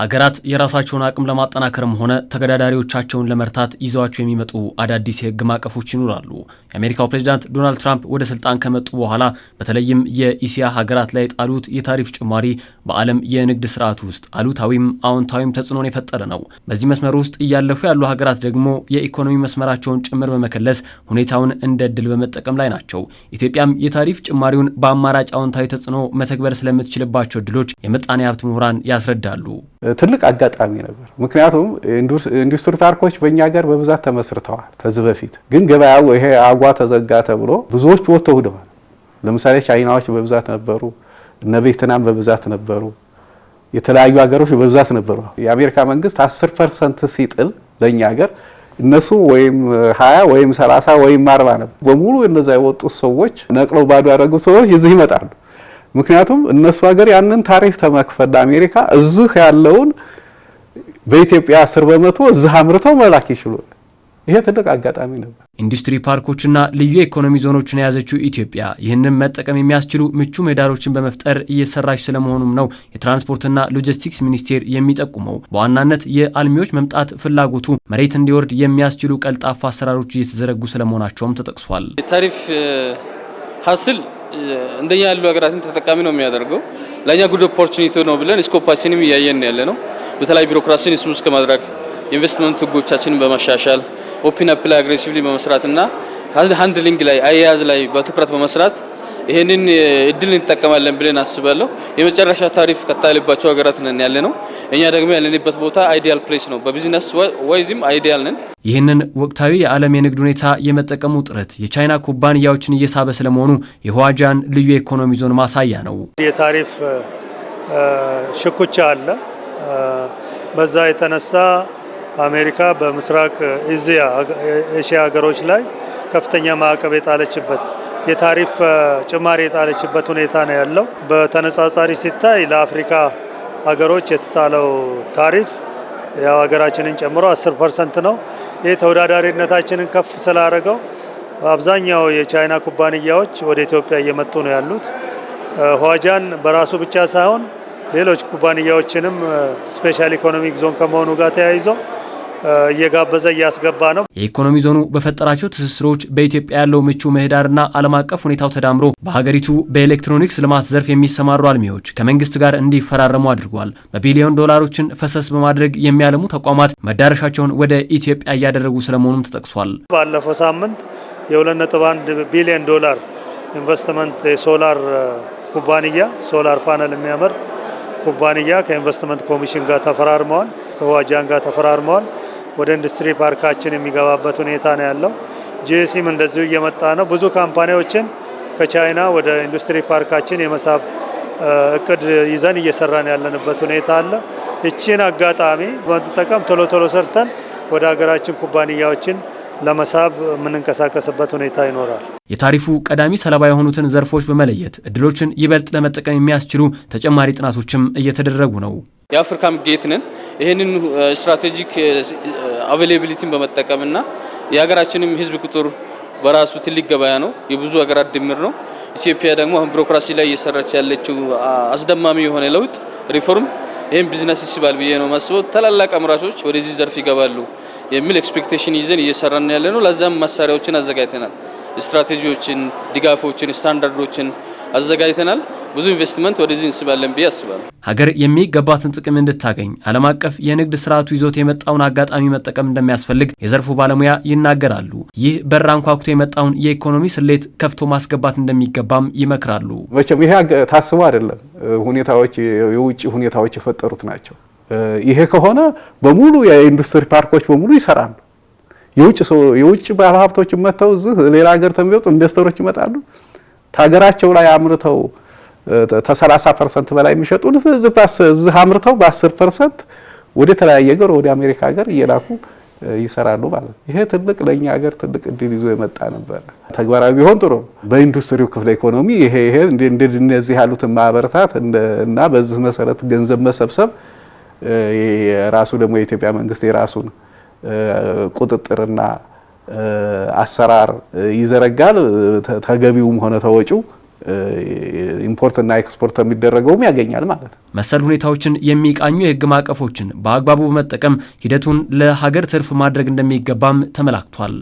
ሀገራት የራሳቸውን አቅም ለማጠናከርም ሆነ ተገዳዳሪዎቻቸውን ለመርታት ይዘዋቸው የሚመጡ አዳዲስ የህግ ማዕቀፎች ይኖራሉ። የአሜሪካው ፕሬዚዳንት ዶናልድ ትራምፕ ወደ ስልጣን ከመጡ በኋላ በተለይም የኢሲያ ሀገራት ላይ የጣሉት የታሪፍ ጭማሪ በዓለም የንግድ ስርዓት ውስጥ አሉታዊም አዎንታዊም ተጽዕኖን የፈጠረ ነው። በዚህ መስመር ውስጥ እያለፉ ያሉ ሀገራት ደግሞ የኢኮኖሚ መስመራቸውን ጭምር በመከለስ ሁኔታውን እንደ ድል በመጠቀም ላይ ናቸው። ኢትዮጵያም የታሪፍ ጭማሪውን በአማራጭ አዎንታዊ ተጽዕኖ መተግበር ስለምትችልባቸው እድሎች የምጣኔ ሀብት ምሁራን ያስረዳሉ። ትልቅ አጋጣሚ ነበር። ምክንያቱም ኢንዱስትሪ ፓርኮች በእኛ ሀገር በብዛት ተመስርተዋል። ከዚህ በፊት ግን ገበያው ይሄ አጓ ተዘጋ ተብሎ ብዙዎች ወጥተው ሂደዋል። ለምሳሌ ቻይናዎች በብዛት ነበሩ፣ እነ ቬትናም በብዛት ነበሩ፣ የተለያዩ ሀገሮች በብዛት ነበሩ። የአሜሪካ መንግስት 10 ፐርሰንት ሲጥል ለእኛ ሀገር እነሱ ወይም ሀያ ወይም ሰላሳ ወይም አርባ ነበር። በሙሉ እነዛ የወጡት ሰዎች ነቅለው ባዶ ያደረጉት ሰዎች እዚህ ይመጣሉ። ምክንያቱም እነሱ ሀገር ያንን ታሪፍ ተመክፈል አሜሪካ እዚህ ያለውን በኢትዮጵያ አስር በመቶ እዚህ አምርተው መላክ ይችሉ። ይሄ ትልቅ አጋጣሚ ነበር። ኢንዱስትሪ ፓርኮችና ልዩ የኢኮኖሚ ዞኖችን የያዘችው ኢትዮጵያ ይህንን መጠቀም የሚያስችሉ ምቹ ምህዳሮችን በመፍጠር እየሰራች ስለመሆኑም ነው የትራንስፖርትና ሎጂስቲክስ ሚኒስቴር የሚጠቁመው። በዋናነት የአልሚዎች መምጣት ፍላጎቱ መሬት እንዲወርድ የሚያስችሉ ቀልጣፋ አሰራሮች እየተዘረጉ ስለመሆናቸውም ተጠቅሷል። ታሪፍ ሀስል እንደኛ ያሉ ሀገራትን ተጠቃሚ ነው የሚያደርገው። ለእኛ ጉድ ኦፖርቹኒቲ ነው ብለን ስኮፓችንም እያየን ያለ ነው። በተለይ ቢሮክራሲን ስሙዝ ከማድረግ ኢንቨስትመንት ህጎቻችንን በማሻሻል ኦፕን አፕ ላይ አግሬሲቭሊ በመስራትና ሀንድሊንግ ላይ አያያዝ ላይ በትኩረት በመስራት ይህንን እድል እንጠቀማለን ብለን አስባለሁ። የመጨረሻ ታሪፍ ከጣለባቸው ሀገራት ነን ያለ ነው። እኛ ደግሞ ያለንበት ቦታ አይዲያል ፕሌስ ነው። በቢዝነስ ወይዝም አይዲያል ነን። ይህንን ወቅታዊ የዓለም የንግድ ሁኔታ የመጠቀሙ ጥረት የቻይና ኩባንያዎችን እየሳበ ስለመሆኑ የሁዋጃን ልዩ የኢኮኖሚ ዞን ማሳያ ነው። የታሪፍ ሽኩቻ አለ። በዛ የተነሳ አሜሪካ በምስራቅ ኤዥያ ሀገሮች ላይ ከፍተኛ ማዕቀብ የጣለችበት የታሪፍ ጭማሪ የጣለችበት ሁኔታ ነው ያለው። በተነጻጻሪ ሲታይ ለአፍሪካ ሀገሮች የተጣለው ታሪፍ ያው ሀገራችንን ጨምሮ 10 ፐርሰንት ነው። ይህ ተወዳዳሪነታችንን ከፍ ስላደረገው አብዛኛው የቻይና ኩባንያዎች ወደ ኢትዮጵያ እየመጡ ነው ያሉት። ኋጃን በራሱ ብቻ ሳይሆን ሌሎች ኩባንያዎችንም ስፔሻል ኢኮኖሚክ ዞን ከመሆኑ ጋር ተያይዞ እየጋበዘ እያስገባ ነው። የኢኮኖሚ ዞኑ በፈጠራቸው ትስስሮች በኢትዮጵያ ያለው ምቹ ምህዳርና ዓለም አቀፍ ሁኔታው ተዳምሮ በሀገሪቱ በኤሌክትሮኒክስ ልማት ዘርፍ የሚሰማሩ አልሚዎች ከመንግስት ጋር እንዲፈራረሙ አድርጓል። በቢሊዮን ዶላሮችን ፈሰስ በማድረግ የሚያለሙ ተቋማት መዳረሻቸውን ወደ ኢትዮጵያ እያደረጉ ስለመሆኑም ተጠቅሷል። ባለፈው ሳምንት የ2.1 ቢሊዮን ዶላር ኢንቨስትመንት የሶላር ኩባንያ ሶላር ፓነል የሚያመርት ኩባንያ ከኢንቨስትመንት ኮሚሽን ጋር ተፈራርመዋል። ከዋጃን ጋር ተፈራርመዋል። ወደ ኢንዱስትሪ ፓርካችን የሚገባበት ሁኔታ ነው ያለው። ጂኤሲም እንደዚሁ እየመጣ ነው። ብዙ ካምፓኒዎችን ከቻይና ወደ ኢንዱስትሪ ፓርካችን የመሳብ እቅድ ይዘን እየሰራን ያለንበት ሁኔታ አለ። ይችን አጋጣሚ በመጠቀም ቶሎ ቶሎ ሰርተን ወደ ሀገራችን ኩባንያዎችን ለመሳብ የምንንቀሳቀስበት ሁኔታ ይኖራል። የታሪፉ ቀዳሚ ሰለባ የሆኑትን ዘርፎች በመለየት እድሎችን ይበልጥ ለመጠቀም የሚያስችሉ ተጨማሪ ጥናቶችም እየተደረጉ ነው። የአፍሪካም ጌትንን ይህንን ስትራቴጂክ አቬሌቢሊቲን በመጠቀምና የሀገራችንም ህዝብ ቁጥር በራሱ ትልቅ ገበያ ነው፣ የብዙ ሀገራት ድምር ነው። ኢትዮጵያ ደግሞ አሁን ቢሮክራሲ ላይ እየሰራች ያለችው አስደማሚ የሆነ ለውጥ ሪፎርም፣ ይህም ቢዝነስ ይስባል ብዬ ነው ማስበው። ታላላቅ አምራቾች ወደዚህ ዘርፍ ይገባሉ የሚል ኤክስፔክቴሽን ይዘን እየሰራን ያለ ነው። ለዛም መሳሪያዎችን አዘጋጅተናል። ስትራቴጂዎችን፣ ድጋፎችን፣ ስታንዳርዶችን አዘጋጅተናል። ብዙ ኢንቨስትመንት ወደዚህ እንስባለን ብዬ አስባለሁ። ሀገር የሚገባትን ጥቅም እንድታገኝ ዓለም አቀፍ የንግድ ስርዓቱ ይዞት የመጣውን አጋጣሚ መጠቀም እንደሚያስፈልግ የዘርፉ ባለሙያ ይናገራሉ። ይህ በር አንኳኩቶ የመጣውን የኢኮኖሚ ስሌት ከፍቶ ማስገባት እንደሚገባም ይመክራሉ። መቼም ይሄ ታስቦ አይደለም፣ ሁኔታዎች የውጭ ሁኔታዎች የፈጠሩት ናቸው። ይሄ ከሆነ በሙሉ የኢንዱስትሪ ፓርኮች በሙሉ ይሰራሉ። የውጭ ሰው የውጭ ባለሀብቶች መጥተው እዚህ ሌላ ሀገር ተሚወጡ ኢንቨስተሮች ይመጣሉ። ሀገራቸው ላይ አምርተው ከሰላሳ ፐርሰንት በላይ የሚሸጡን እዚህ አምርተው በአስር ፐርሰንት ወደ ተለያየ ሀገር ወደ አሜሪካ ሀገር እየላኩ ይሰራሉ ማለት ነው። ይሄ ትልቅ ለእኛ ሀገር ትልቅ እድል ይዞ የመጣ ነበረ። ተግባራዊ ቢሆን ጥሩ። በኢንዱስትሪው ክፍለ ኢኮኖሚ ይሄ ይሄ እነዚህ ያሉትን ማበረታት እና በዚህ መሰረት ገንዘብ መሰብሰብ የራሱ ደግሞ የኢትዮጵያ መንግስት የራሱን ቁጥጥርና አሰራር ይዘረጋል። ተገቢውም ሆነ ተወጪው ኢምፖርትና ኤክስፖርት የሚደረገውም ያገኛል ማለት ነው። መሰል ሁኔታዎችን የሚቃኙ የህግ ማዕቀፎችን በአግባቡ በመጠቀም ሂደቱን ለሀገር ትርፍ ማድረግ እንደሚገባም ተመላክቷል።